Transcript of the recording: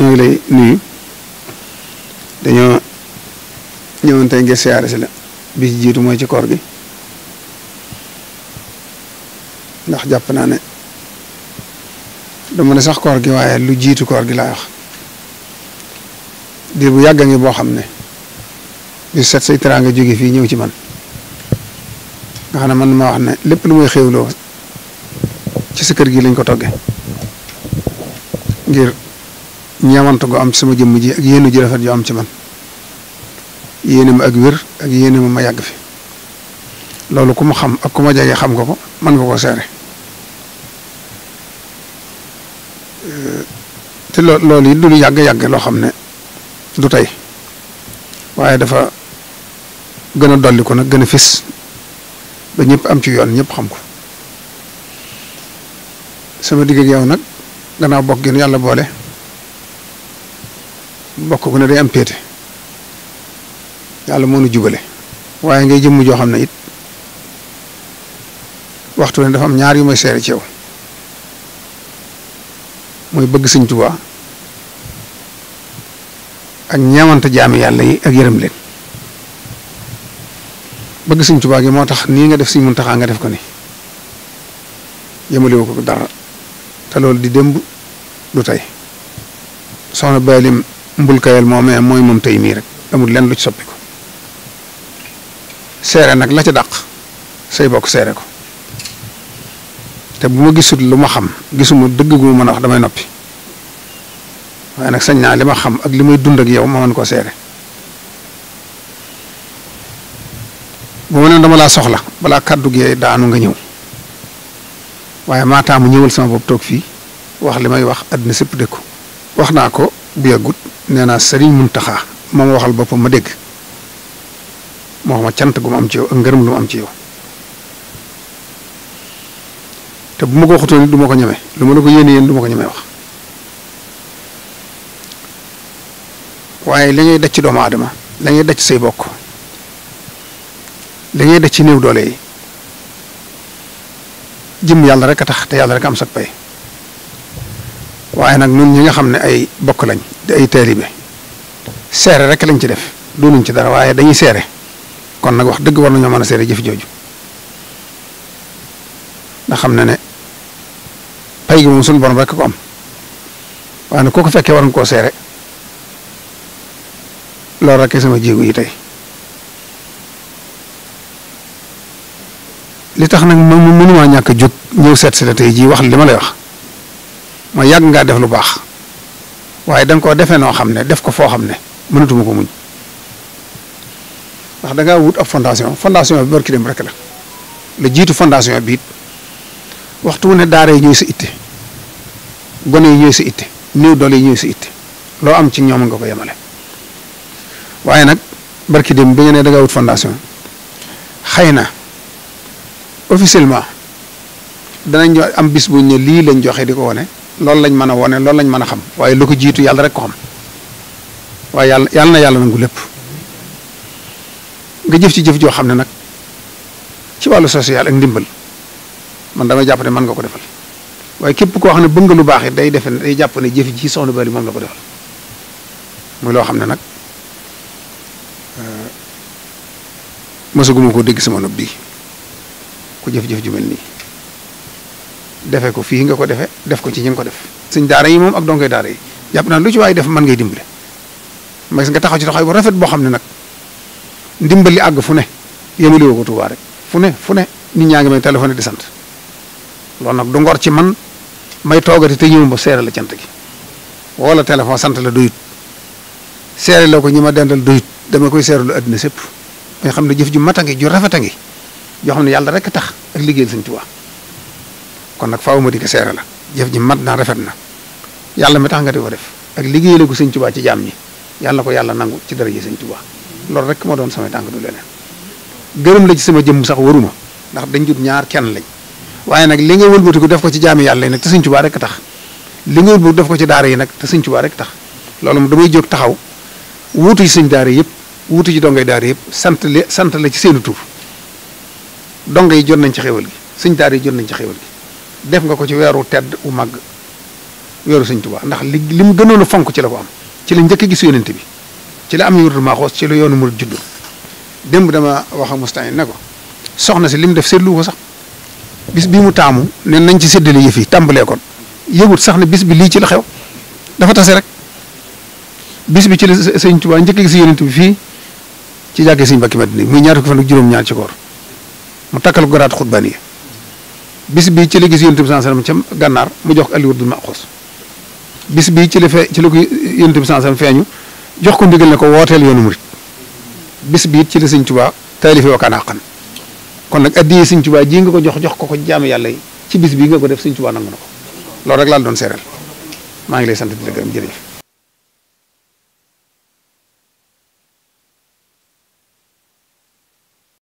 ñu ngi lay nuyu dañoo ñëwoon tey ngir siyaare si la bi jiitu mooy ci koor gi ndax jàpp naa ne dama ne sax koor gi waaye lu jiitu koor gi laay wax diir bu yàgg a ngi boo xam ne bi set say teraanga jóge fii ñëw ci man nga xam ne man ma wax ne lépp lu muy xéwloo ci sa kër gi lañ ko togge ngir ñeewante gu am ci sama jëmm ji ak yéene ji rafet yu am ci man yéene ma ak wér ak yéene ma ma yàgg fi loolu ku ma xam ak ku ma jege xam nga ko man nga ko seere te loo loolu du lu yàgg-yàgg loo xam ne du tey waaye dafa gën a dolli ko nag gën a fis ba ñëpp am ci yoon ñëpp xam ko sama digg ak yow nag gannaaw bokk gi yàlla boole. mbokk ko ne day am pété yalla mo nu jubalé waye ngay jëm jo xam it waxtu len dafa am ñaar yu may séré ci yow moy bëgg señ tuba ak ñamanta jaami yalla yi ak yërëm len bëgg señ tuba gi motax ni nga def nga def ko ni ko dara ta di du Balim mbul kayel moomee mooy moom tey mii rek amul lenn lu ci soppi ko seere nag la ca dàq say bokk seere ko te bu ma gisut lu ma xam gisuma dëgg gu ma mën a wax damay noppi waaye nag sañ naa li ma xam ak li may dund ak yow ma mën koo seere bu ma ne dama laa soxla balaa kàddu gi daanu nga ñëw waaye maataamu ñëwal sama bopp toog fii wax li may wax àddina sépp dëkku wax naa ko bu yàggut nee naa Serigne Mountakha moom waxal boppam ma dégg moo xam cant gu mu am ci yow ngërëm lu mu am ci yow te bu ma ko waxutoon du ma ko ñeme lu ma la ko yéene yéen du ma ko ñeme wax waaye li ngay daj ci doomu aadama la ngay daj ci say bokk li ngay daj ci néew doole yi jëm yàlla rek a tax te yàlla rek am sag pay waaye nag ñun ñi nga xam ne ay bokk lañ te ay taalibe seere rek lañ ci def doonuñ ci dara waaye dañuy seere kon nag wax dëgg war nañoo mën a seere jëf jooju nga xam ne ne pay gi moom bon borom rek ko am waaye nag koo ko fekkee war nga koo seere loolu rek sama jéego yi tey li tax nag man mënumaa ñàkk a jóg ñëw seet si la tey jii wax li ma lay wax ma yàgg ngaa def lu baax waaye da ko koo defee noo xam ne def ko foo xam ne mënatuma ko muñ ndax da wut ab fondation fondation bi barki rek la la jiitu fondation bi it waxtu wu ne daara yi ñooy sa itte gone yi ñooy sa itte néew doole yi ñooy sa itte loo am ci ñoom nga ko yemale waaye nag barki dem bi nga ne wut fondation xëy na officiellement danañ am bis bu ñu ne lii lañ joxee di ko wone loolu lañ mën a wone loolu lañ mën a xam waaye lu ko jiitu yàlla rek ko xam waaye yàlla yàlla na yàlla nangu lépp nga jëf ci jëf joo xam ne nag ci wàllu social ak ndimbal man damay jàpp ne mën nga ko defal waaye képp koo xam ne bëgg nga lu baax it day defe day jàpp ne jëf ji soxna Bali moom la ko defal muy loo xam ne nag euh, mësaguma ko dégg sama nopp bi ku jëf-jëf ju mel nii defe ko fii nga ko defe def ko ci ñi nga ko def suñ daara yi moom ak dongoy daara yi jàpp naa lu ci waaye def man ngay dimbale ma gis nga taxaw ci taxaw bu rafet boo xam ne nag ndimbali àgg fu ne yemali ko Tuubaa rek fu ne fu ne nit ñaa ngi may téléphoné di sant lool nag du ngor ci man may toogati te ñëw ba seere la cant gi wala téléphone sant la doyut seere la ko ñi ma dendal doyut dama koy seere lu àddina sépp nga xam ne jëf ju mat a ngi ju rafet a ngi joo xam ne yàlla rek tax ak liggéeyal Sëñ Tuubaa kon nag faaw ma di ko seere la jëf ji mat naa rafet na yàlla mi tax nga di ko def ak liggéey liggéeyale ko sëñ Tuubaa ci jaam ñi yàlla ko yàlla nangu ci dara ji sëñ Tuubaa loolu rek moo doon samay tànk du leneen gërëm la ci sama jëmm sax waruma ndax dañ jut ñaar kenn lañ waaye nag li nga ko def ko ci jaami yàlla yi nag te sëñ Tuubaa rek tax li nga wëlbatiku def ko ci daara yi nag te sëñ Tuubaa rek tax loolu moom damay jóg taxaw wuutu ci sëñ daara yëpp wuutu ci dongay daara yëpp sant la la ci seenu tur donga yi jot nañ ci xéwal gi sëñ daara yi nañ ci xéwal gi def nga ko ci weeru tedd u mag weeru sëñ Tuubaa ndax li li mu gënoon a fonk ci la ko am ci la njëkk gis yonent bi ci la am yurdu Maaxoos ci la yoonu murid juddu démb dama wax ak Mustapha soxna si li mu def seetlu ko sax bis bi mu taamu ne nañ ci séddale yëf yi tàmbalee kon yëgut sax ne bis bi lii ci la xew dafa tase rek bis bi ci la sëñ Tuubaa njëkk gis yonent bi fii ci jàkkee sëñ Mbàkke Madina muy ñaar ko fan ak juróom-ñaar ci koor mu takkal ko garaat xutbaani bis bii ci la gis yonent bi sallallahu alayhi ca gànnaar mu jox ko Aliou ma Maxuus bis bii ci la fee ci la ko yonent bi feeñu jox ko ndigal ne ko wooteel yoonu murit bis bii ci la Sëñ Tuubaa taalife wa kaana haqqan kon nag addiye Sëñ Tuubaa jii nga ko jox jox ko ko jaamu yàlla yi ci bis bii nga ko def Sëñ Tuubaa nangu na ko loolu rek laa doon seeral maa ngi lay sant di la gërëm jërëjëf